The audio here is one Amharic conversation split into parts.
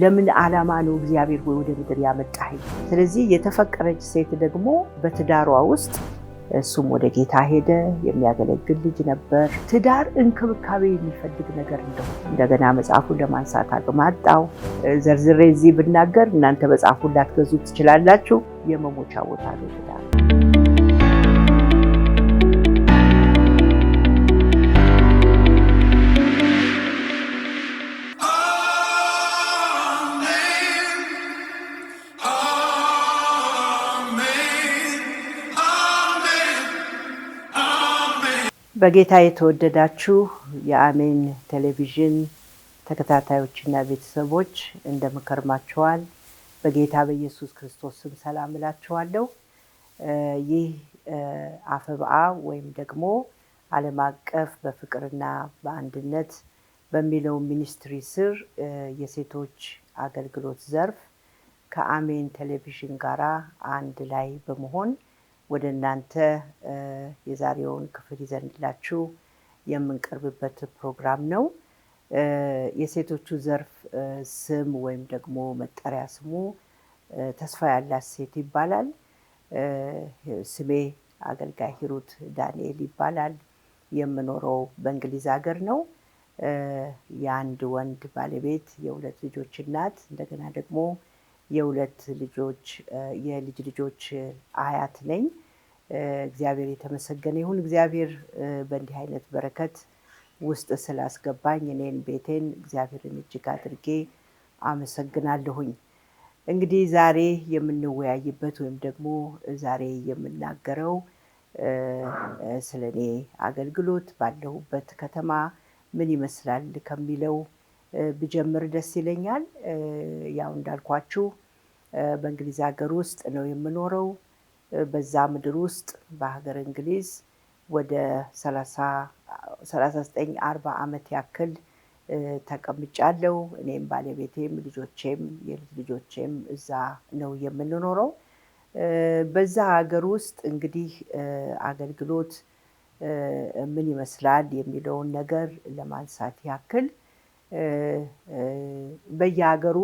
ለምን ዓላማ ነው እግዚአብሔር ሆይ ወደ ምድር ያመጣኸኝ? ስለዚህ የተፈቀረች ሴት ደግሞ በትዳሯ ውስጥ እሱም ወደ ጌታ ሄደ። የሚያገለግል ልጅ ነበር። ትዳር እንክብካቤ የሚፈልግ ነገር እንደው እንደገና መጽሐፉን ለማንሳት አቅም አጣው። ዘርዝሬ እዚህ ብናገር እናንተ መጽሐፉን ላትገዙ ትችላላችሁ። የመሞቻ ቦታ ነው ትዳር። በጌታ የተወደዳችሁ የአሜን ቴሌቪዥን ተከታታዮችና ቤተሰቦች እንደምከርማችኋል። በጌታ በኢየሱስ ክርስቶስ ስም ሰላም እላችኋለሁ። ይህ አፈብአ ወይም ደግሞ ዓለም አቀፍ በፍቅርና በአንድነት በሚለው ሚኒስትሪ ስር የሴቶች አገልግሎት ዘርፍ ከአሜን ቴሌቪዥን ጋራ አንድ ላይ በመሆን ወደ እናንተ የዛሬውን ክፍል ይዘንላችሁ የምንቀርብበት ፕሮግራም ነው። የሴቶቹ ዘርፍ ስም ወይም ደግሞ መጠሪያ ስሙ ተስፋ ያላት ሴት ይባላል። ስሜ አገልጋይ ሂሩት ዳንኤል ይባላል። የምኖረው በእንግሊዝ ሀገር ነው። የአንድ ወንድ ባለቤት፣ የሁለት ልጆች እናት፣ እንደገና ደግሞ የሁለት ልጆች የልጅ ልጆች አያት ነኝ። እግዚአብሔር የተመሰገነ ይሁን። እግዚአብሔር በእንዲህ አይነት በረከት ውስጥ ስላስገባኝ እኔን ቤቴን እግዚአብሔርን እጅግ አድርጌ አመሰግናለሁኝ። እንግዲህ ዛሬ የምንወያይበት ወይም ደግሞ ዛሬ የምናገረው ስለ እኔ አገልግሎት ባለሁበት ከተማ ምን ይመስላል ከሚለው ብጀምር ደስ ይለኛል። ያው እንዳልኳችሁ በእንግሊዝ ሀገር ውስጥ ነው የምኖረው። በዛ ምድር ውስጥ በሀገር እንግሊዝ ወደ ሰላሳ ዘጠኝ አርባ ዓመት ያክል ተቀምጫለው። እኔም ባለቤቴም ልጆቼም የልጅ ልጆቼም እዛ ነው የምንኖረው። በዛ ሀገር ውስጥ እንግዲህ አገልግሎት ምን ይመስላል የሚለውን ነገር ለማንሳት ያክል በየሀገሩ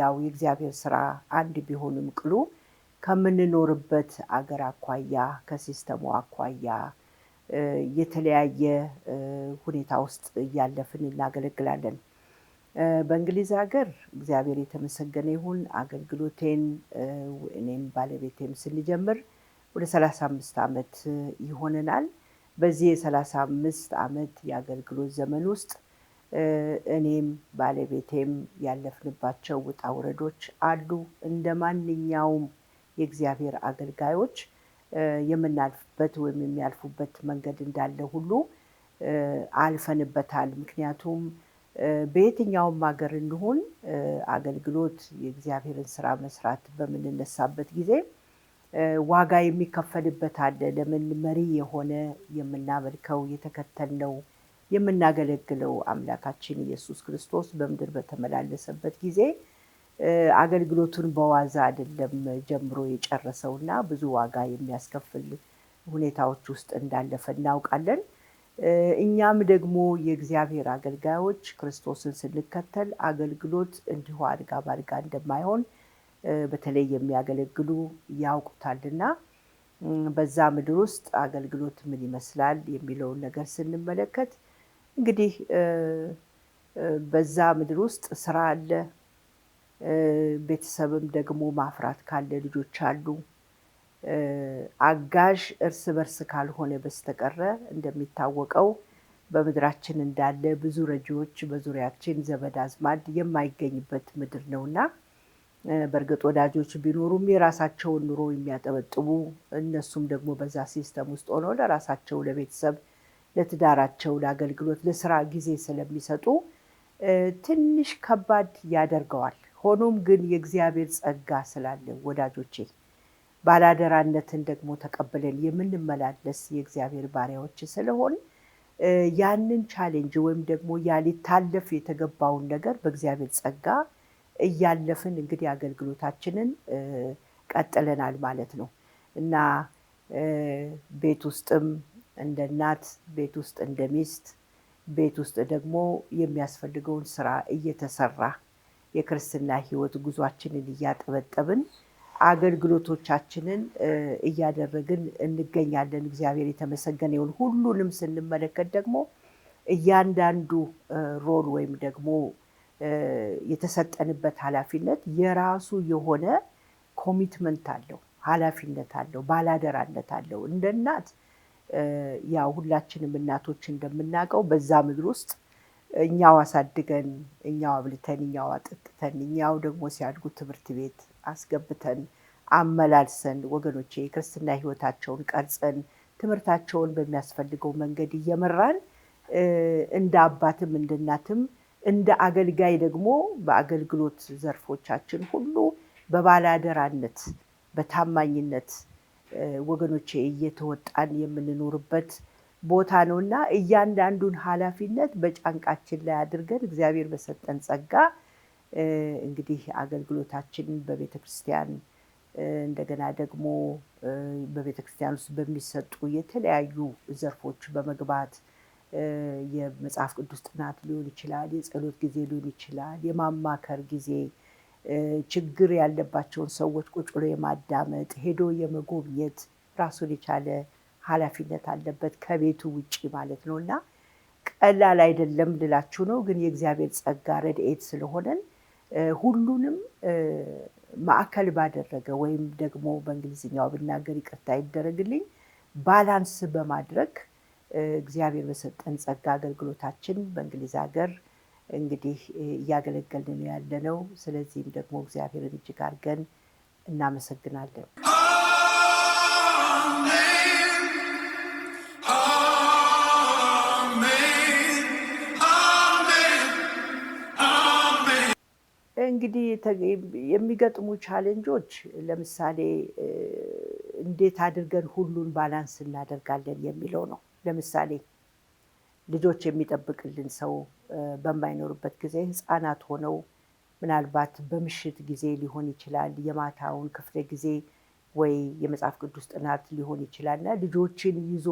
ያው የእግዚአብሔር ስራ አንድ ቢሆንም ቅሉ ከምንኖርበት አገር አኳያ ከሲስተሙ አኳያ የተለያየ ሁኔታ ውስጥ እያለፍን እናገለግላለን። በእንግሊዝ ሀገር እግዚአብሔር የተመሰገነ ይሁን አገልግሎቴን እኔም ባለቤቴም ስንጀምር ወደ ሰላሳ አምስት ዓመት ይሆነናል። በዚህ የሰላሳ አምስት ዓመት የአገልግሎት ዘመን ውስጥ እኔም ባለቤቴም ያለፍንባቸው ውጣ ውረዶች አሉ። እንደ ማንኛውም የእግዚአብሔር አገልጋዮች የምናልፍበት ወይም የሚያልፉበት መንገድ እንዳለ ሁሉ አልፈንበታል። ምክንያቱም በየትኛውም ሀገር እንሁን አገልግሎት፣ የእግዚአብሔርን ስራ መስራት በምንነሳበት ጊዜ ዋጋ የሚከፈልበት አለ። ለምን መሪ የሆነ የምናመልከው የተከተልነው የምናገለግለው አምላካችን ኢየሱስ ክርስቶስ በምድር በተመላለሰበት ጊዜ አገልግሎቱን በዋዛ አይደለም ጀምሮ የጨረሰው እና ብዙ ዋጋ የሚያስከፍል ሁኔታዎች ውስጥ እንዳለፈ እናውቃለን። እኛም ደግሞ የእግዚአብሔር አገልጋዮች ክርስቶስን ስንከተል አገልግሎት እንዲሁ አድጋ ባድጋ እንደማይሆን በተለይ የሚያገለግሉ ያውቁታልና በዛ ምድር ውስጥ አገልግሎት ምን ይመስላል የሚለውን ነገር ስንመለከት እንግዲህ በዛ ምድር ውስጥ ስራ አለ። ቤተሰብም ደግሞ ማፍራት ካለ ልጆች አሉ። አጋዥ እርስ በርስ ካልሆነ በስተቀረ እንደሚታወቀው በምድራችን እንዳለ ብዙ ረጂዎች በዙሪያችን ዘመድ አዝማድ የማይገኝበት ምድር ነውና በእርግጥ ወዳጆች ቢኖሩም የራሳቸውን ኑሮ የሚያጠበጥቡ እነሱም ደግሞ በዛ ሲስተም ውስጥ ሆነው ለራሳቸው ለቤተሰብ ለትዳራቸው፣ ለአገልግሎት፣ ለስራ ጊዜ ስለሚሰጡ ትንሽ ከባድ ያደርገዋል። ሆኖም ግን የእግዚአብሔር ጸጋ ስላለ ወዳጆቼ ባላደራነትን ደግሞ ተቀብለን የምንመላለስ የእግዚአብሔር ባሪያዎች ስለሆን ያንን ቻሌንጅ ወይም ደግሞ ያ ሊታለፍ የተገባውን ነገር በእግዚአብሔር ጸጋ እያለፍን እንግዲህ አገልግሎታችንን ቀጥለናል ማለት ነው እና ቤት ውስጥም እንደ እናት ቤት ውስጥ እንደ ሚስት ቤት ውስጥ ደግሞ የሚያስፈልገውን ስራ እየተሰራ የክርስትና ህይወት ጉዟችንን እያጠበጠብን አገልግሎቶቻችንን እያደረግን እንገኛለን። እግዚአብሔር የተመሰገነ ይሁን። ሁሉንም ስንመለከት ደግሞ እያንዳንዱ ሮል ወይም ደግሞ የተሰጠንበት ኃላፊነት የራሱ የሆነ ኮሚትመንት አለው፣ ኃላፊነት አለው፣ ባላደራነት አለው። እንደ እናት ያው ሁላችንም እናቶች እንደምናውቀው በዛ ምድር ውስጥ እኛው አሳድገን እኛው አብልተን እኛው አጠጥተን እኛው ደግሞ ሲያድጉ ትምህርት ቤት አስገብተን አመላልሰን ወገኖቼ የክርስትና ሕይወታቸውን ቀርጸን ትምህርታቸውን በሚያስፈልገው መንገድ እየመራን እንደ አባትም እንደ እናትም እንደ አገልጋይ ደግሞ በአገልግሎት ዘርፎቻችን ሁሉ በባለአደራነት በታማኝነት ወገኖቼ እየተወጣን የምንኖርበት ቦታ ነው እና እያንዳንዱን ኃላፊነት በጫንቃችን ላይ አድርገን እግዚአብሔር በሰጠን ጸጋ እንግዲህ አገልግሎታችን በቤተ ክርስቲያን እንደገና ደግሞ በቤተ ክርስቲያን ውስጥ በሚሰጡ የተለያዩ ዘርፎች በመግባት የመጽሐፍ ቅዱስ ጥናት ሊሆን ይችላል፣ የጸሎት ጊዜ ሊሆን ይችላል፣ የማማከር ጊዜ ችግር ያለባቸውን ሰዎች ቁጭ ብሎ የማዳመጥ ሄዶ የመጎብኘት ራሱን የቻለ ኃላፊነት አለበት ከቤቱ ውጭ ማለት ነው እና ቀላል አይደለም ልላችሁ ነው። ግን የእግዚአብሔር ጸጋ ረድኤት ስለሆነን ሁሉንም ማዕከል ባደረገ ወይም ደግሞ በእንግሊዝኛው ብናገር ይቅርታ ይደረግልኝ ባላንስ በማድረግ እግዚአብሔር በሰጠን ጸጋ አገልግሎታችን በእንግሊዝ ሀገር እንግዲህ እያገለገልን ነው ያለነው። ስለዚህም ደግሞ እግዚአብሔርን እጅግ አድርገን እናመሰግናለን። እንግዲህ የሚገጥሙ ቻሌንጆች ለምሳሌ እንዴት አድርገን ሁሉን ባላንስ እናደርጋለን የሚለው ነው። ለምሳሌ ልጆች የሚጠብቅልን ሰው በማይኖርበት ጊዜ ህፃናት ሆነው ምናልባት በምሽት ጊዜ ሊሆን ይችላል፣ የማታውን ክፍለ ጊዜ ወይ የመጽሐፍ ቅዱስ ጥናት ሊሆን ይችላል እና ልጆችን ይዞ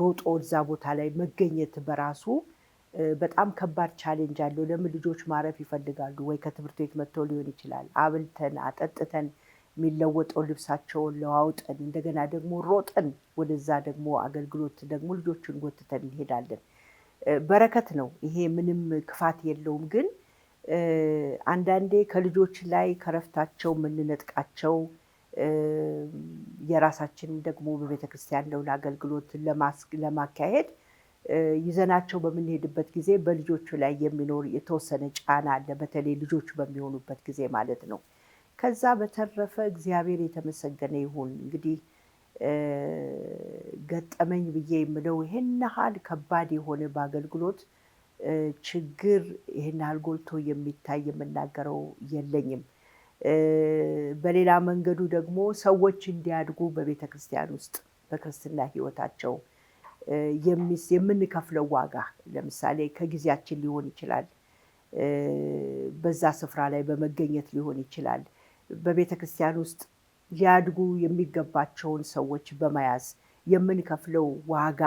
ሮጦ እዛ ቦታ ላይ መገኘት በራሱ በጣም ከባድ ቻሌንጅ አለው። ለምን ልጆች ማረፍ ይፈልጋሉ። ወይ ከትምህርት ቤት መጥተው ሊሆን ይችላል አብልተን አጠጥተን የሚለወጠው ልብሳቸውን ለዋውጠን እንደገና ደግሞ ሮጠን ወደዛ ደግሞ አገልግሎት ደግሞ ልጆችን ጎትተን እንሄዳለን። በረከት ነው። ይሄ ምንም ክፋት የለውም። ግን አንዳንዴ ከልጆች ላይ ከረፍታቸው የምንነጥቃቸው የራሳችንን ደግሞ በቤተ ክርስቲያን ለውን አገልግሎት ለማካሄድ ይዘናቸው በምንሄድበት ጊዜ በልጆቹ ላይ የሚኖር የተወሰነ ጫና አለ። በተለይ ልጆቹ በሚሆኑበት ጊዜ ማለት ነው። ከዛ በተረፈ እግዚአብሔር የተመሰገነ ይሁን እንግዲህ ገጠመኝ ብዬ የምለው ይሄን ያህል ከባድ የሆነ በአገልግሎት ችግር ይሄን ያህል ጎልቶ የሚታይ የምናገረው የለኝም። በሌላ መንገዱ ደግሞ ሰዎች እንዲያድጉ በቤተ ክርስቲያን ውስጥ በክርስትና ሕይወታቸው የምንከፍለው ዋጋ ለምሳሌ ከጊዜያችን ሊሆን ይችላል፣ በዛ ስፍራ ላይ በመገኘት ሊሆን ይችላል። በቤተ ክርስቲያን ውስጥ ሊያድጉ የሚገባቸውን ሰዎች በመያዝ የምንከፍለው ዋጋ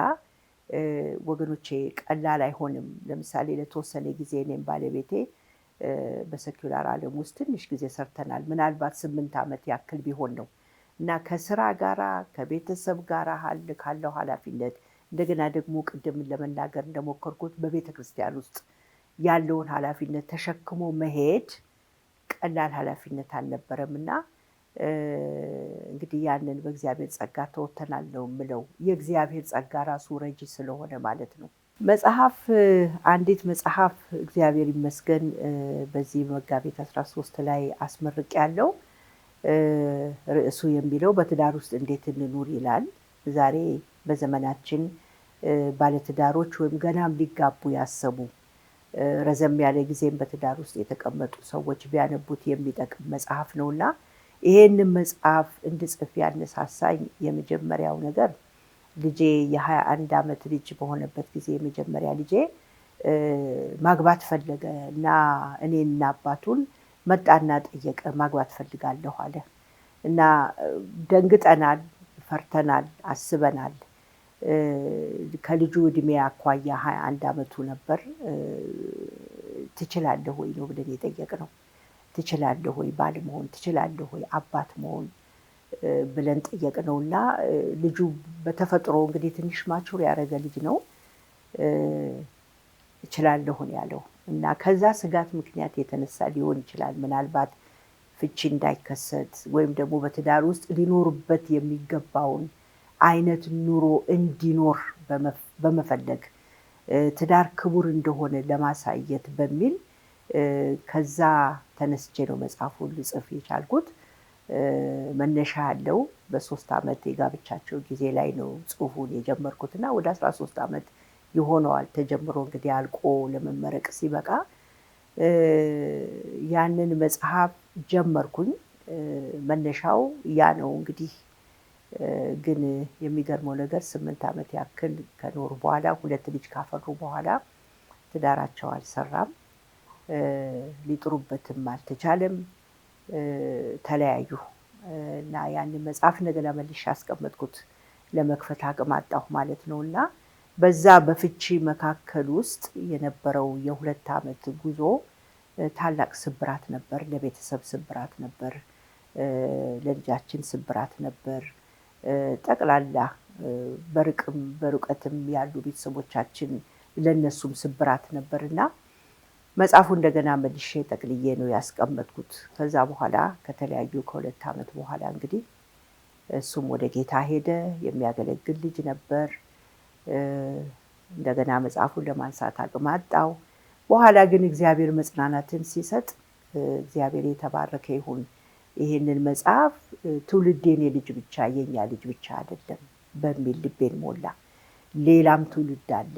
ወገኖቼ ቀላል አይሆንም። ለምሳሌ ለተወሰነ ጊዜ እኔም ባለቤቴ በሰኪላር ዓለም ውስጥ ትንሽ ጊዜ ሰርተናል። ምናልባት ስምንት ዓመት ያክል ቢሆን ነው እና ከስራ ጋራ ከቤተሰብ ጋራ ካለው ኃላፊነት እንደገና ደግሞ ቅድም ለመናገር እንደሞከርኩት በቤተ ክርስቲያን ውስጥ ያለውን ኃላፊነት ተሸክሞ መሄድ ቀላል ኃላፊነት አልነበረም እና እንግዲህ ያንን በእግዚአብሔር ጸጋ ተወተናል ነው የምለው። የእግዚአብሔር ጸጋ ራሱ ረጂ ስለሆነ ማለት ነው። መጽሐፍ አንዲት መጽሐፍ እግዚአብሔር ይመስገን በዚህ መጋቢት 13 ላይ አስመርቅ ያለው ርዕሱ የሚለው በትዳር ውስጥ እንዴት እንኑር ይላል። ዛሬ በዘመናችን ባለትዳሮች ወይም ገናም ሊጋቡ ያሰቡ ረዘም ያለ ጊዜም በትዳር ውስጥ የተቀመጡ ሰዎች ቢያነቡት የሚጠቅም መጽሐፍ ነውና ይሄንን መጽሐፍ እንድጽፍ ያነሳሳኝ የመጀመሪያው ነገር ልጄ የሀያ አንድ ዓመት ልጅ በሆነበት ጊዜ የመጀመሪያ ልጄ ማግባት ፈለገ እና እኔና አባቱን መጣና ጠየቀ። ማግባት ፈልጋለሁ አለ እና ደንግጠናል፣ ፈርተናል፣ አስበናል። ከልጁ እድሜ አኳያ ሀያ አንድ ዓመቱ ነበር። ትችላለህ ወይ ነው ብለን ነው። ትችላለሁ ወይ ባል መሆን ትችላለሁ ወይ አባት መሆን ብለን ጠየቅ ነው እና ልጁ በተፈጥሮ እንግዲህ ትንሽ ማቹር ያደረገ ልጅ ነው እችላለሁን ያለው እና ከዛ ስጋት ምክንያት የተነሳ ሊሆን ይችላል ምናልባት ፍቺ እንዳይከሰት ወይም ደግሞ በትዳር ውስጥ ሊኖርበት የሚገባውን አይነት ኑሮ እንዲኖር በመፈለግ ትዳር ክቡር እንደሆነ ለማሳየት በሚል ከዛ ተነስቼ ነው ሁሉ ጽፍ የቻልኩት። መነሻ ያለው በሶስት ዓመት የጋብቻቸው ጊዜ ላይ ነው ጽሁፉን እና ወደ አስራ ሶስት ዓመት ይሆነዋል ተጀምሮ እንግዲህ አልቆ ለመመረቅ ሲበቃ ያንን መጽሐፍ ጀመርኩኝ። መነሻው ያ ነው እንግዲህ ግን የሚገርመው ነገር ስምንት ዓመት ያክል ከኖሩ በኋላ ሁለት ልጅ ካፈሩ በኋላ ትዳራቸው አልሰራም። ሊጥሩበትም አልተቻለም፣ ተለያዩ እና ያን መጽሐፍ እንደገና መልሼ ያስቀመጥኩት ለመክፈት አቅም አጣሁ ማለት ነው እና በዛ በፍቺ መካከል ውስጥ የነበረው የሁለት ዓመት ጉዞ ታላቅ ስብራት ነበር። ለቤተሰብ ስብራት ነበር፣ ለልጃችን ስብራት ነበር። ጠቅላላ በርቅም በርቀትም ያሉ ቤተሰቦቻችን ለነሱም ስብራት ነበር እና መጽሐፉ እንደገና መልሼ ጠቅልዬ ነው ያስቀመጥኩት። ከዛ በኋላ ከተለያዩ ከሁለት ዓመት በኋላ እንግዲህ እሱም ወደ ጌታ ሄደ። የሚያገለግል ልጅ ነበር። እንደገና መጽሐፉን ለማንሳት አቅም አጣው። በኋላ ግን እግዚአብሔር መጽናናትን ሲሰጥ እግዚአብሔር የተባረከ ይሁን። ይህንን መጽሐፍ ትውልዴን የልጅ ብቻ የኛ ልጅ ብቻ አይደለም በሚል ልቤን ሞላ። ሌላም ትውልድ አለ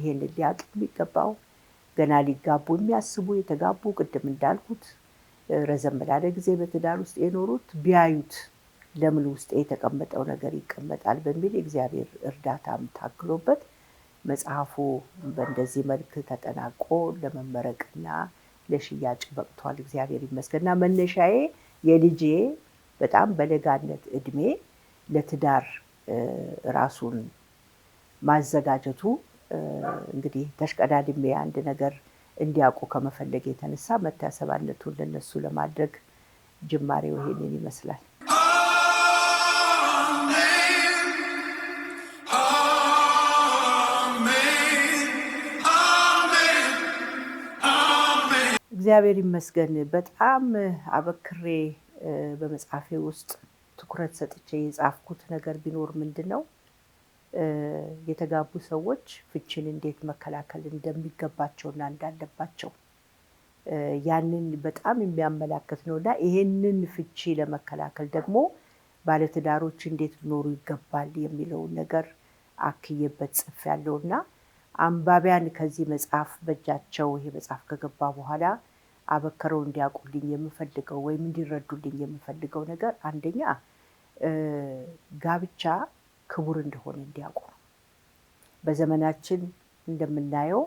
ይሄን ሊያውቅ የሚገባው ገና ሊጋቡ የሚያስቡ የተጋቡ ቅድም እንዳልኩት ረዘም ላለ ጊዜ በትዳር ውስጥ የኖሩት ቢያዩት ለምን ውስጥ የተቀመጠው ነገር ይቀመጣል በሚል የእግዚአብሔር እርዳታም ታክሎበት መጽሐፉ በእንደዚህ መልክ ተጠናቆ ለመመረቅና ለሽያጭ በቅቷል። እግዚአብሔር ይመስገንና መነሻዬ የልጄ በጣም በለጋነት እድሜ ለትዳር ራሱን ማዘጋጀቱ እንግዲህ ተሽቀዳድሜ አንድ ነገር እንዲያውቁ ከመፈለግ የተነሳ መታሰባነቱን ለነሱ ለማድረግ ጅማሬው ይሄንን ይመስላል። እግዚአብሔር ይመስገን። በጣም አበክሬ በመጽሐፌ ውስጥ ትኩረት ሰጥቼ የጻፍኩት ነገር ቢኖር ምንድን ነው የተጋቡ ሰዎች ፍችን እንዴት መከላከል እንደሚገባቸውና እንዳለባቸው ያንን በጣም የሚያመላክት ነው እና ይሄንን ፍቺ ለመከላከል ደግሞ ባለትዳሮች እንዴት ሊኖሩ ይገባል የሚለውን ነገር አክዬበት ያለው እና አንባቢያን ከዚህ መጽሐፍ በእጃቸው ይሄ መጽሐፍ ከገባ በኋላ አበክረው እንዲያውቁልኝ የምፈልገው ወይም እንዲረዱልኝ የምፈልገው ነገር አንደኛ ጋብቻ ክቡር እንደሆነ እንዲያውቁ ነው። በዘመናችን እንደምናየው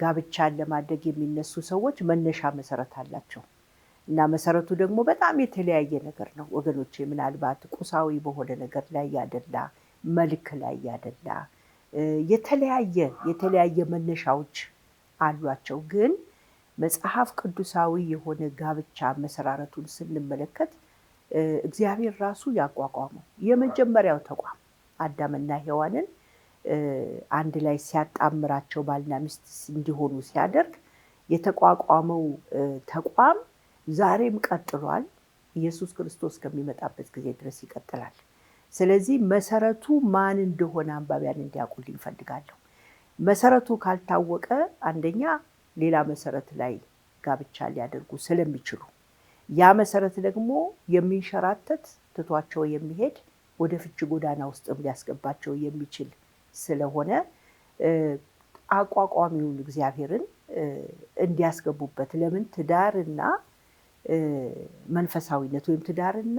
ጋብቻን ለማድረግ የሚነሱ ሰዎች መነሻ መሰረት አላቸው እና መሰረቱ ደግሞ በጣም የተለያየ ነገር ነው ወገኖች። ምናልባት ቁሳዊ በሆነ ነገር ላይ ያደላ፣ መልክ ላይ ያደላ የተለያየ የተለያየ መነሻዎች አሏቸው። ግን መጽሐፍ ቅዱሳዊ የሆነ ጋብቻ መሰራረቱን ስንመለከት እግዚአብሔር ራሱ ያቋቋመው የመጀመሪያው ተቋም አዳምና ሔዋንን አንድ ላይ ሲያጣምራቸው ባልና ሚስት እንዲሆኑ ሲያደርግ የተቋቋመው ተቋም ዛሬም ቀጥሏል። ኢየሱስ ክርስቶስ ከሚመጣበት ጊዜ ድረስ ይቀጥላል። ስለዚህ መሰረቱ ማን እንደሆነ አንባቢያን እንዲያውቁልኝ እፈልጋለሁ። መሰረቱ ካልታወቀ አንደኛ ሌላ መሰረት ላይ ጋብቻ ሊያደርጉ ስለሚችሉ ያ መሰረት ደግሞ የሚንሸራተት ትቷቸው የሚሄድ ወደ ፍቺ ጎዳና ውስጥም ሊያስገባቸው የሚችል ስለሆነ አቋቋሚውን እግዚአብሔርን እንዲያስገቡበት። ለምን ትዳርና መንፈሳዊነት ወይም ትዳርና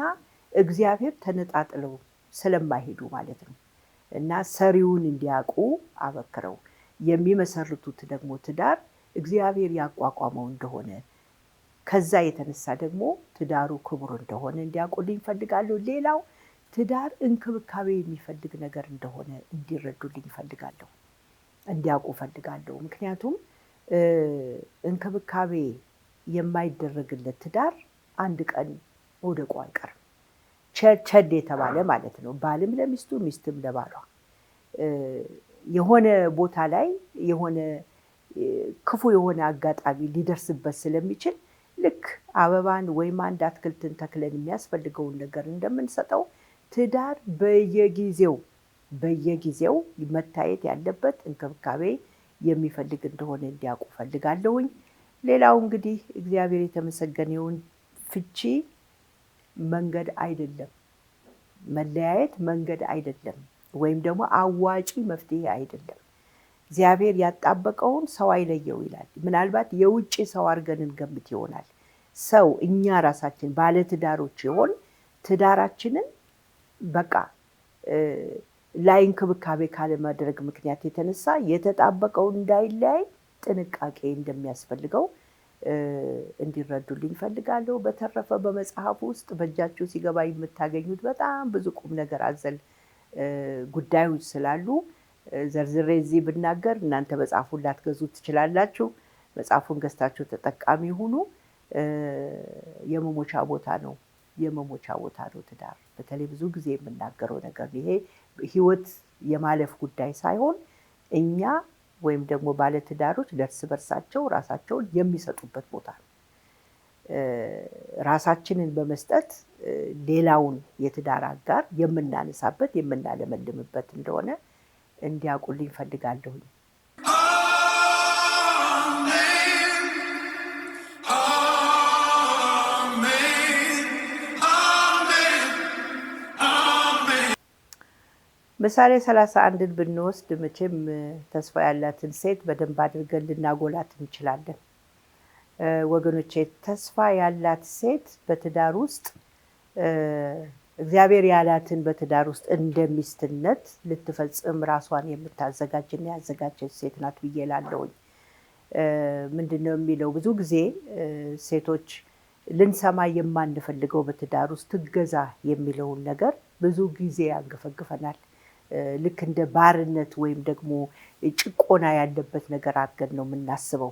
እግዚአብሔር ተነጣጥለው ስለማይሄዱ ማለት ነው እና ሰሪውን እንዲያውቁ አበክረው የሚመሰርቱት ደግሞ ትዳር እግዚአብሔር ያቋቋመው እንደሆነ ከዛ የተነሳ ደግሞ ትዳሩ ክቡር እንደሆነ እንዲያውቁልኝ እፈልጋለሁ። ሌላው ትዳር እንክብካቤ የሚፈልግ ነገር እንደሆነ እንዲረዱልኝ እፈልጋለሁ፣ እንዲያውቁ እፈልጋለሁ። ምክንያቱም እንክብካቤ የማይደረግለት ትዳር አንድ ቀን መውደቁ አይቀርም። ቸድ የተባለ ማለት ነው። ባልም ለሚስቱ ሚስትም ለባሏ የሆነ ቦታ ላይ የሆነ ክፉ የሆነ አጋጣሚ ሊደርስበት ስለሚችል ልክ አበባን ወይም አንድ አትክልትን ተክለን የሚያስፈልገውን ነገር እንደምንሰጠው ትዳር በየጊዜው በየጊዜው መታየት ያለበት እንክብካቤ የሚፈልግ እንደሆነ እንዲያውቁ ፈልጋለሁኝ። ሌላው እንግዲህ እግዚአብሔር የተመሰገነውን ፍቺ መንገድ አይደለም፣ መለያየት መንገድ አይደለም፣ ወይም ደግሞ አዋጪ መፍትሄ አይደለም። እግዚአብሔር ያጣበቀውን ሰው አይለየው ይላል። ምናልባት የውጭ ሰው አድርገን እንገምት ይሆናል። ሰው እኛ ራሳችን ባለትዳሮች የሆን ትዳራችንን በቃ ላይ እንክብካቤ ካለማድረግ ምክንያት የተነሳ የተጣበቀው እንዳይለያይ ጥንቃቄ እንደሚያስፈልገው እንዲረዱልኝ ፈልጋለሁ በተረፈ በመጽሐፍ ውስጥ በእጃችሁ ሲገባ የምታገኙት በጣም ብዙ ቁም ነገር አዘል ጉዳዮች ስላሉ ዘርዝሬ እዚህ ብናገር እናንተ መጽሐፉን ላትገዙ ትችላላችሁ። መጽሐፉን ገዝታችሁ ተጠቃሚ ሁኑ። የመሞቻ ቦታ ነው። የመሞቻ ቦታ ነው ትዳር። በተለይ ብዙ ጊዜ የምናገረው ነገር ይሄ ህይወት የማለፍ ጉዳይ ሳይሆን እኛ ወይም ደግሞ ባለትዳሮች ለእርስ በርሳቸው ራሳቸውን የሚሰጡበት ቦታ ነው። ራሳችንን በመስጠት ሌላውን የትዳር አጋር የምናነሳበት የምናለመልምበት እንደሆነ እንዲያውቁልኝ ፈልጋለሁኝ። ምሳሌ 31ን ብንወስድ መቼም ተስፋ ያላትን ሴት በደንብ አድርገን ልናጎላት እንችላለን። ወገኖቼ ተስፋ ያላት ሴት በትዳር ውስጥ እግዚአብሔር ያላትን በትዳር ውስጥ እንደ ሚስትነት ልትፈጽም ራሷን የምታዘጋጅና ያዘጋጀች ሴት ናት ብዬ ላለውኝ ምንድን ነው የሚለው? ብዙ ጊዜ ሴቶች ልንሰማ የማንፈልገው በትዳር ውስጥ ትገዛ የሚለውን ነገር ብዙ ጊዜ ያንገፈግፈናል። ልክ እንደ ባርነት ወይም ደግሞ ጭቆና ያለበት ነገር አድርገን ነው የምናስበው።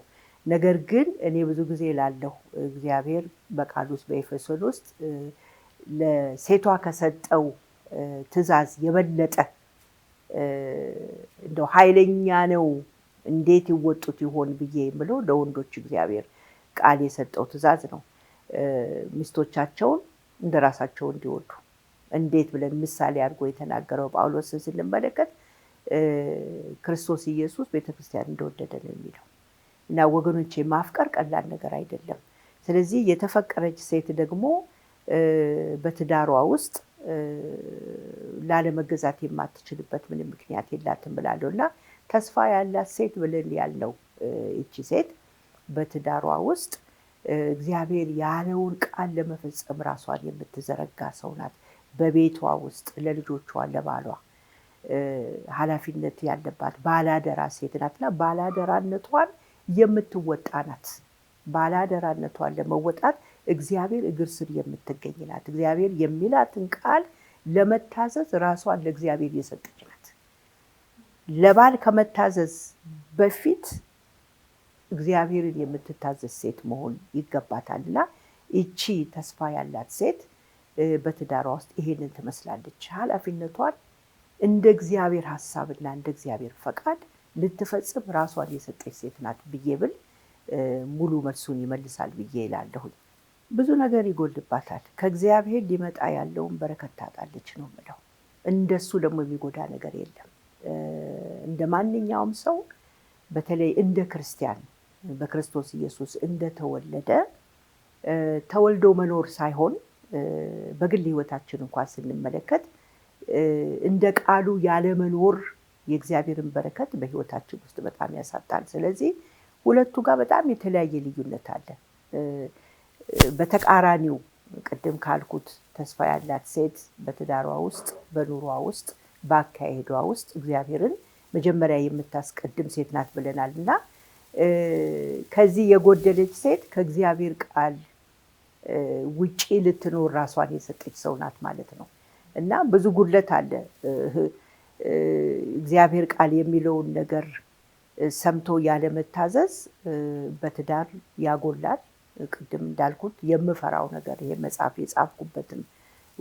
ነገር ግን እኔ ብዙ ጊዜ ላለሁ እግዚአብሔር በቃሉ ውስጥ በኤፌሶን ውስጥ ለሴቷ ከሰጠው ትዕዛዝ የበለጠ እንደው ኃይለኛ ነው እንዴት ይወጡት ይሆን ብዬ የምለው ለወንዶች እግዚአብሔር ቃል የሰጠው ትዕዛዝ ነው። ሚስቶቻቸውን እንደራሳቸው እንዲወዱ እንዴት ብለን ምሳሌ አድርጎ የተናገረው ጳውሎስን ስንመለከት ክርስቶስ ኢየሱስ ቤተክርስቲያን እንደወደደ ነው የሚለው እና ወገኖቼ ማፍቀር ቀላል ነገር አይደለም። ስለዚህ የተፈቀረች ሴት ደግሞ በትዳሯ ውስጥ ላለመገዛት የማትችልበት ምንም ምክንያት የላትም ብላለሁ እና ተስፋ ያላት ሴት ብለን ያልነው ይቺ ሴት በትዳሯ ውስጥ እግዚአብሔር ያለውን ቃል ለመፈጸም ራሷን የምትዘረጋ ሰው ናት። በቤቷ ውስጥ ለልጆቿ ለባሏ ኃላፊነት ያለባት ባላደራ ሴት ናት ናትና ባላደራነቷን የምትወጣ ናት። ባላደራነቷን ለመወጣት እግዚአብሔር እግር ስር የምትገኝ ናት። እግዚአብሔር የሚላትን ቃል ለመታዘዝ ራሷን ለእግዚአብሔር የሰጠች ናት። ለባል ከመታዘዝ በፊት እግዚአብሔርን የምትታዘዝ ሴት መሆን ይገባታል እና ይቺ ተስፋ ያላት ሴት በትዳሯ ውስጥ ይሄንን ትመስላለች። ኃላፊነቷን እንደ እግዚአብሔር ሀሳብና እንደ እግዚአብሔር ፈቃድ ልትፈጽም ራሷን የሰጠች ሴት ናት ብዬ ብል ሙሉ መልሱን ይመልሳል ብዬ ይላለሁኝ። ብዙ ነገር ይጎልባታል። ከእግዚአብሔር ሊመጣ ያለውን በረከት ታጣለች ነው የምለው። እንደሱ ደግሞ የሚጎዳ ነገር የለም። እንደ ማንኛውም ሰው በተለይ እንደ ክርስቲያን በክርስቶስ ኢየሱስ እንደተወለደ ተወልዶ መኖር ሳይሆን በግል ህይወታችን እንኳን ስንመለከት እንደ ቃሉ ያለመኖር የእግዚአብሔርን በረከት በህይወታችን ውስጥ በጣም ያሳጣል። ስለዚህ ሁለቱ ጋር በጣም የተለያየ ልዩነት አለ። በተቃራኒው ቅድም ካልኩት ተስፋ ያላት ሴት በትዳሯ ውስጥ፣ በኑሯ ውስጥ፣ በአካሄዷ ውስጥ እግዚአብሔርን መጀመሪያ የምታስቀድም ሴት ናት ብለናል እና ከዚህ የጎደለች ሴት ከእግዚአብሔር ቃል ውጪ ልትኖር ራሷን የሰጠች ሰው ናት ማለት ነው። እና ብዙ ጉድለት አለ። እግዚአብሔር ቃል የሚለውን ነገር ሰምቶ ያለመታዘዝ በትዳር ያጎላል። ቅድም እንዳልኩት የምፈራው ነገር ይሄ መጽሐፍ የጻፍኩበትም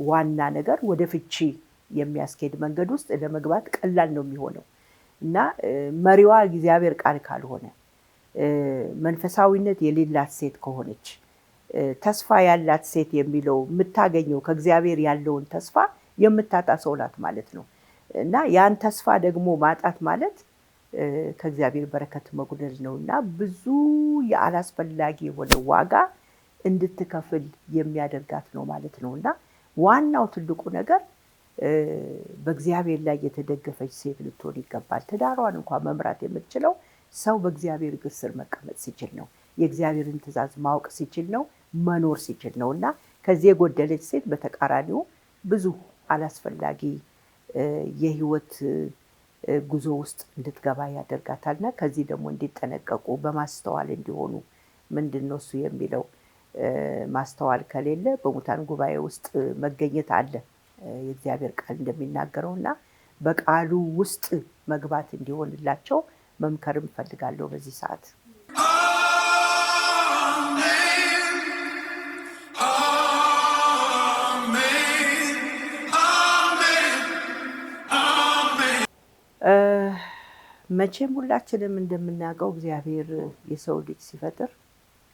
ዋና ነገር ወደ ፍቺ የሚያስኬድ መንገድ ውስጥ ለመግባት ቀላል ነው የሚሆነው እና መሪዋ እግዚአብሔር ቃል ካልሆነ መንፈሳዊነት የሌላት ሴት ከሆነች ተስፋ ያላት ሴት የሚለው የምታገኘው ከእግዚአብሔር ያለውን ተስፋ የምታጣ ሰው ናት ማለት ነው እና ያን ተስፋ ደግሞ ማጣት ማለት ከእግዚአብሔር በረከት መጉደል ነው እና ብዙ የአላስፈላጊ የሆነ ዋጋ እንድትከፍል የሚያደርጋት ነው ማለት ነው እና ዋናው ትልቁ ነገር በእግዚአብሔር ላይ የተደገፈች ሴት ልትሆን ይገባል። ትዳሯን እንኳ መምራት የምትችለው ሰው በእግዚአብሔር እግር ስር መቀመጥ ሲችል ነው። የእግዚአብሔርን ትእዛዝ ማወቅ ሲችል ነው። መኖር ሲችል ነው እና ከዚህ የጎደለች ሴት በተቃራኒው ብዙ አላስፈላጊ የህይወት ጉዞ ውስጥ እንድትገባ ያደርጋታል እና ከዚህ ደግሞ እንዲጠነቀቁ በማስተዋል እንዲሆኑ ምንድን ነው እሱ የሚለው ማስተዋል ከሌለ በሙታን ጉባኤ ውስጥ መገኘት አለ የእግዚአብሔር ቃል እንደሚናገረው እና በቃሉ ውስጥ መግባት እንዲሆንላቸው መምከርም እፈልጋለሁ በዚህ ሰዓት። መቼም ሁላችንም እንደምናውቀው እግዚአብሔር የሰው ልጅ ሲፈጥር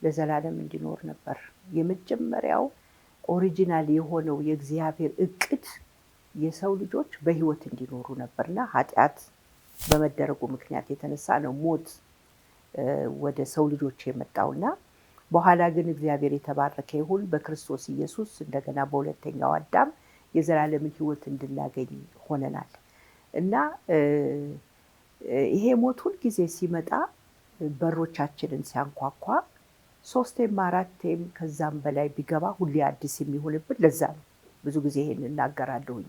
ለዘላለም እንዲኖር ነበር። የመጀመሪያው ኦሪጂናል የሆነው የእግዚአብሔር እቅድ የሰው ልጆች በህይወት እንዲኖሩ ነበርና ኃጢአት በመደረጉ ምክንያት የተነሳ ነው ሞት ወደ ሰው ልጆች የመጣውና በኋላ ግን እግዚአብሔር የተባረከ ይሁን በክርስቶስ ኢየሱስ እንደገና በሁለተኛው አዳም የዘላለምን ህይወት እንድናገኝ ሆነናል እና ይሄ ሞት ሁልጊዜ ሲመጣ በሮቻችንን ሲያንኳኳ ሶስቴም አራቴም ከዛም በላይ ቢገባ ሁሌ አዲስ የሚሆንብን ለዛ ነው። ብዙ ጊዜ ይሄን እናገራለሁኝ።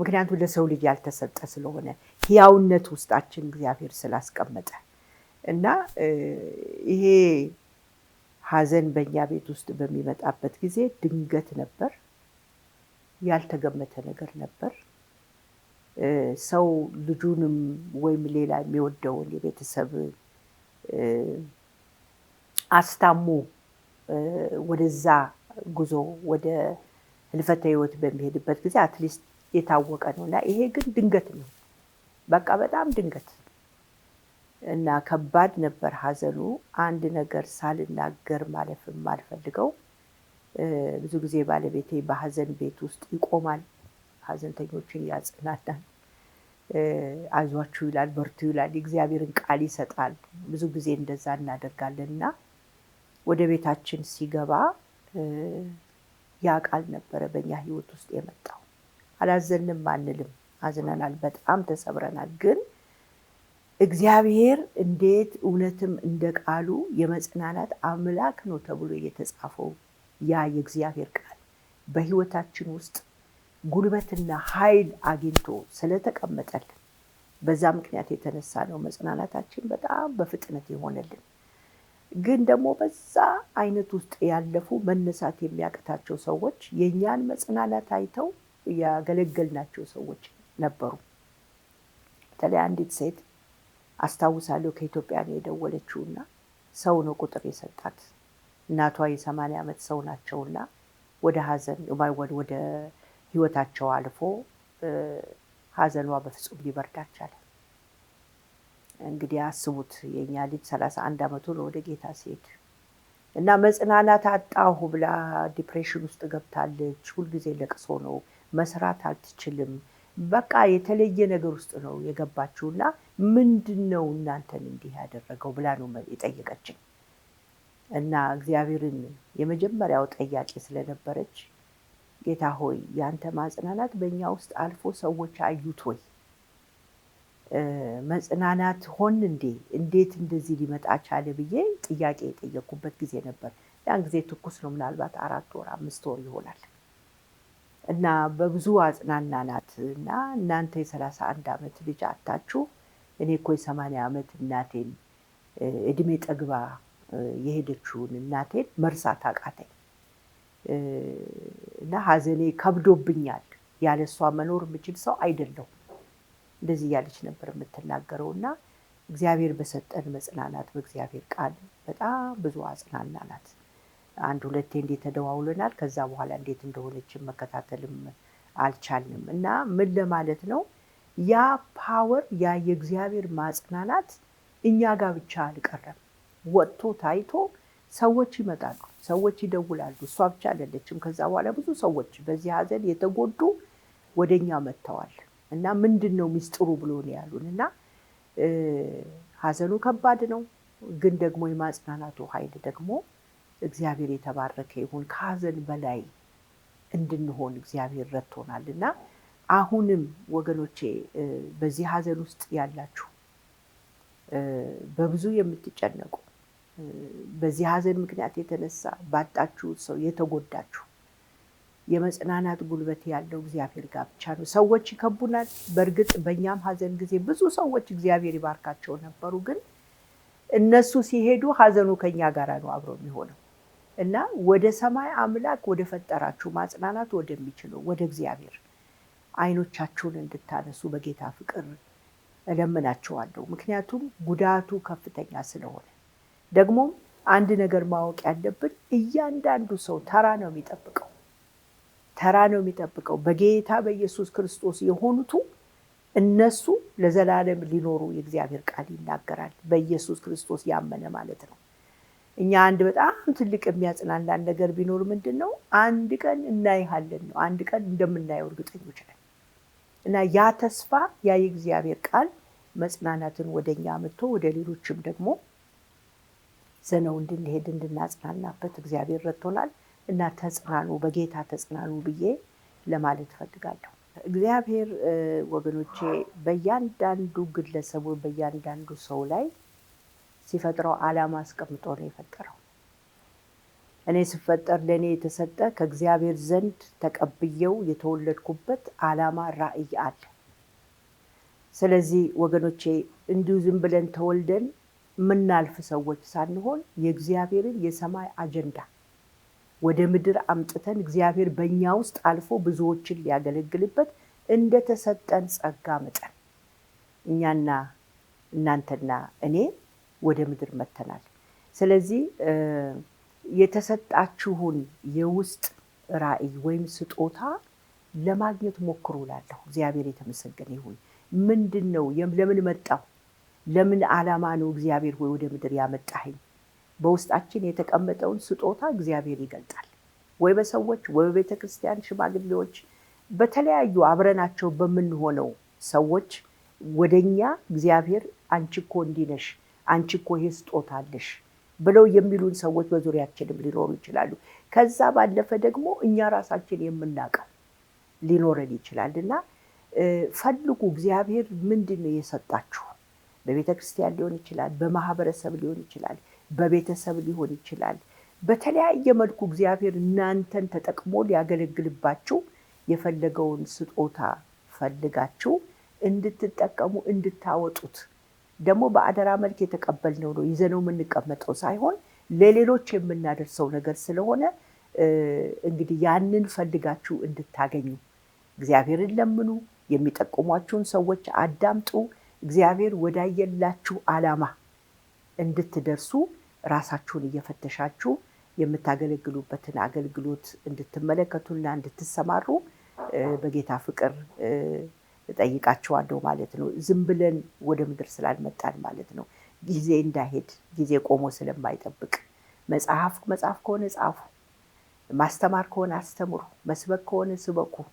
ምክንያቱም ለሰው ልጅ ያልተሰጠ ስለሆነ ህያውነት ውስጣችን እግዚአብሔር ስላስቀመጠ እና ይሄ ሀዘን በእኛ ቤት ውስጥ በሚመጣበት ጊዜ ድንገት ነበር፣ ያልተገመተ ነገር ነበር። ሰው ልጁንም ወይም ሌላ የሚወደውን የቤተሰብ አስታሞ ወደዛ ጉዞ ወደ ህልፈተ ህይወት በሚሄድበት ጊዜ አትሊስት የታወቀ ነው እና ይሄ ግን ድንገት ነው። በቃ በጣም ድንገት እና ከባድ ነበር ሀዘኑ አንድ ነገር ሳልናገር ማለፍ የማልፈልገው ብዙ ጊዜ ባለቤቴ በሀዘን ቤት ውስጥ ይቆማል። ሀዘንተኞችን ያጽናናል። አይዟችሁ ይላል፣ በርቱ ይላል፣ የእግዚአብሔርን ቃል ይሰጣል። ብዙ ጊዜ እንደዛ እናደርጋለን እና ወደ ቤታችን ሲገባ ያ ቃል ነበረ በእኛ ህይወት ውስጥ የመጣው። አላዘንም አንልም፣ አዝነናል፣ በጣም ተሰብረናል። ግን እግዚአብሔር እንዴት እውነትም እንደ ቃሉ የመጽናናት አምላክ ነው ተብሎ የተጻፈው ያ የእግዚአብሔር ቃል በህይወታችን ውስጥ ጉልበትና ኃይል አግኝቶ ስለተቀመጠልን በዛ ምክንያት የተነሳ ነው መጽናናታችን በጣም በፍጥነት የሆነልን። ግን ደግሞ በዛ አይነት ውስጥ ያለፉ መነሳት የሚያቅታቸው ሰዎች የእኛን መጽናናት አይተው ያገለገልናቸው ሰዎች ነበሩ። በተለይ አንዲት ሴት አስታውሳለሁ ከኢትዮጵያ ነው የደወለችውና ሰው ነው ቁጥር የሰጣት እናቷ የሰማንያ ዓመት ሰው ናቸውና ወደ ሀዘን ወደ ህይወታቸው አልፎ ሀዘኗ በፍጹም ሊበርድ አልቻለም። እንግዲህ አስቡት የእኛ ልጅ ሰላሳ አንድ አመቱ ነው ወደ ጌታ ሲሄድ እና መጽናናት አጣሁ ብላ ዲፕሬሽን ውስጥ ገብታለች። ሁልጊዜ ለቅሶ ነው፣ መስራት አልትችልም። በቃ የተለየ ነገር ውስጥ ነው የገባችው እና ምንድን ነው እናንተን እንዲህ ያደረገው ብላ ነው የጠየቀችን እና እግዚአብሔርን የመጀመሪያው ጠያቂ ስለነበረች ጌታ ሆይ ያንተ ማጽናናት በእኛ ውስጥ አልፎ ሰዎች አዩት ሆይ መጽናናት ሆን እንዴ እንዴት እንደዚህ ሊመጣ ቻለ ብዬ ጥያቄ የጠየኩበት ጊዜ ነበር። ያን ጊዜ ትኩስ ነው፣ ምናልባት አራት ወር አምስት ወር ይሆናል እና በብዙ አጽናናናት እና እናንተ የሰላሳ አንድ ዓመት ልጅ አታችሁ እኔ እኮ የሰማንያ ዓመት እናቴን እድሜ ጠግባ የሄደችውን እናቴን መርሳት አቃተኝ። እና ሀዘኔ ከብዶብኛል፣ ያለሷ መኖር የምችል ሰው አይደለው እንደዚህ እያለች ነበር የምትናገረው። እና እግዚአብሔር በሰጠን መጽናናት በእግዚአብሔር ቃል በጣም ብዙ አጽናናናት። አንድ ሁለቴ እንዴት ተደዋውለናል። ከዛ በኋላ እንዴት እንደሆነችን መከታተልም አልቻልንም። እና ምን ለማለት ነው ያ ፓወር ያ የእግዚአብሔር ማጽናናት እኛ ጋር ብቻ አልቀረም፣ ወጥቶ ታይቶ ሰዎች ይመጣሉ፣ ሰዎች ይደውላሉ። እሷ ብቻ አይደለችም። ከዛ በኋላ ብዙ ሰዎች በዚህ ሀዘን የተጎዱ ወደ እኛ መጥተዋል እና ምንድን ነው ሚስጥሩ ብሎ ነው ያሉን እና ሀዘኑ ከባድ ነው፣ ግን ደግሞ የማጽናናቱ ኃይል ደግሞ እግዚአብሔር የተባረከ ይሁን። ከሀዘን በላይ እንድንሆን እግዚአብሔር ረድቶናል እና አሁንም ወገኖቼ በዚህ ሀዘን ውስጥ ያላችሁ በብዙ የምትጨነቁ በዚህ ሀዘን ምክንያት የተነሳ ባጣችሁት ሰው የተጎዳችሁ የመጽናናት ጉልበት ያለው እግዚአብሔር ጋር ብቻ ነው። ሰዎች ይከቡናል። በእርግጥ በእኛም ሀዘን ጊዜ ብዙ ሰዎች እግዚአብሔር ይባርካቸው ነበሩ። ግን እነሱ ሲሄዱ ሀዘኑ ከኛ ጋር ነው አብሮ የሚሆነው እና ወደ ሰማይ አምላክ ወደ ፈጠራችሁ ማጽናናት ወደሚችለው ወደ እግዚአብሔር አይኖቻችሁን እንድታነሱ በጌታ ፍቅር እለምናችኋለሁ። ምክንያቱም ጉዳቱ ከፍተኛ ስለሆነ ደግሞም አንድ ነገር ማወቅ ያለብን እያንዳንዱ ሰው ተራ ነው የሚጠብቀው ተራ ነው የሚጠብቀው። በጌታ በኢየሱስ ክርስቶስ የሆኑቱ እነሱ ለዘላለም ሊኖሩ የእግዚአብሔር ቃል ይናገራል። በኢየሱስ ክርስቶስ ያመነ ማለት ነው። እኛ አንድ በጣም ትልቅ የሚያጽናናን ነገር ቢኖር ምንድን ነው? አንድ ቀን እናይሃለን ነው። አንድ ቀን እንደምናየው እርግጠኞች ነን። እና ያ ተስፋ ያ የእግዚአብሔር ቃል መጽናናትን ወደኛ መጥቶ ወደ ሌሎችም ደግሞ ዘነው እንድንሄድ እንድናጽናናበት እግዚአብሔር ረድቶናል እና ተጽናኑ፣ በጌታ ተጽናኑ ብዬ ለማለት እፈልጋለሁ። እግዚአብሔር ወገኖቼ በእያንዳንዱ ግለሰቡ በእያንዳንዱ ሰው ላይ ሲፈጥረው ዓላማ አስቀምጦ ነው የፈጠረው። እኔ ስፈጠር ለእኔ የተሰጠ ከእግዚአብሔር ዘንድ ተቀብየው የተወለድኩበት ዓላማ ራዕይ አለ። ስለዚህ ወገኖቼ እንዲሁ ዝም ብለን ተወልደን የምናልፍ ሰዎች ሳንሆን የእግዚአብሔርን የሰማይ አጀንዳ ወደ ምድር አምጥተን እግዚአብሔር በእኛ ውስጥ አልፎ ብዙዎችን ሊያገለግልበት እንደተሰጠን ጸጋ መጠን እኛና እናንተና እኔ ወደ ምድር መተናል። ስለዚህ የተሰጣችሁን የውስጥ ራዕይ ወይም ስጦታ ለማግኘት ሞክሩ እላለሁ። እግዚአብሔር የተመሰገነ ይሁን። ምንድን ነው? ለምን መጣሁ? ለምን ዓላማ ነው እግዚአብሔር ሆይ ወደ ምድር ያመጣኸኝ? በውስጣችን የተቀመጠውን ስጦታ እግዚአብሔር ይገልጣል ወይ በሰዎች ወይ በቤተ ክርስቲያን ሽማግሌዎች፣ በተለያዩ አብረናቸው በምንሆነው ሰዎች ወደኛ እግዚአብሔር አንቺ እኮ አንችኮ ነሽ፣ አንቺ እኮ ይሄ ስጦታ አለሽ ብለው የሚሉን ሰዎች በዙሪያችንም ሊኖሩ ይችላሉ። ከዛ ባለፈ ደግሞ እኛ ራሳችን የምናውቀው ሊኖረን ይችላል እና ፈልጉ። እግዚአብሔር ምንድን ነው የሰጣችሁ በቤተ ክርስቲያን ሊሆን ይችላል፣ በማህበረሰብ ሊሆን ይችላል፣ በቤተሰብ ሊሆን ይችላል። በተለያየ መልኩ እግዚአብሔር እናንተን ተጠቅሞ ሊያገለግልባችሁ የፈለገውን ስጦታ ፈልጋችሁ እንድትጠቀሙ እንድታወጡት ደግሞ በአደራ መልክ የተቀበልነው ነው ይዘነው የምንቀመጠው ሳይሆን ለሌሎች የምናደርሰው ነገር ስለሆነ እንግዲህ ያንን ፈልጋችሁ እንድታገኙ እግዚአብሔርን ለምኑ፣ የሚጠቁሟችሁን ሰዎች አዳምጡ። እግዚአብሔር ወዳየላችሁ ዓላማ እንድትደርሱ ራሳችሁን እየፈተሻችሁ የምታገለግሉበትን አገልግሎት እንድትመለከቱና እንድትሰማሩ በጌታ ፍቅር እጠይቃችኋለሁ ማለት ነው። ዝም ብለን ወደ ምድር ስላልመጣን ማለት ነው። ጊዜ እንዳይሄድ ጊዜ ቆሞ ስለማይጠብቅ መጽሐፍ መጽሐፍ ከሆነ ጻፉ፣ ማስተማር ከሆነ አስተምሩ፣ መስበክ ከሆነ ስበኩ፣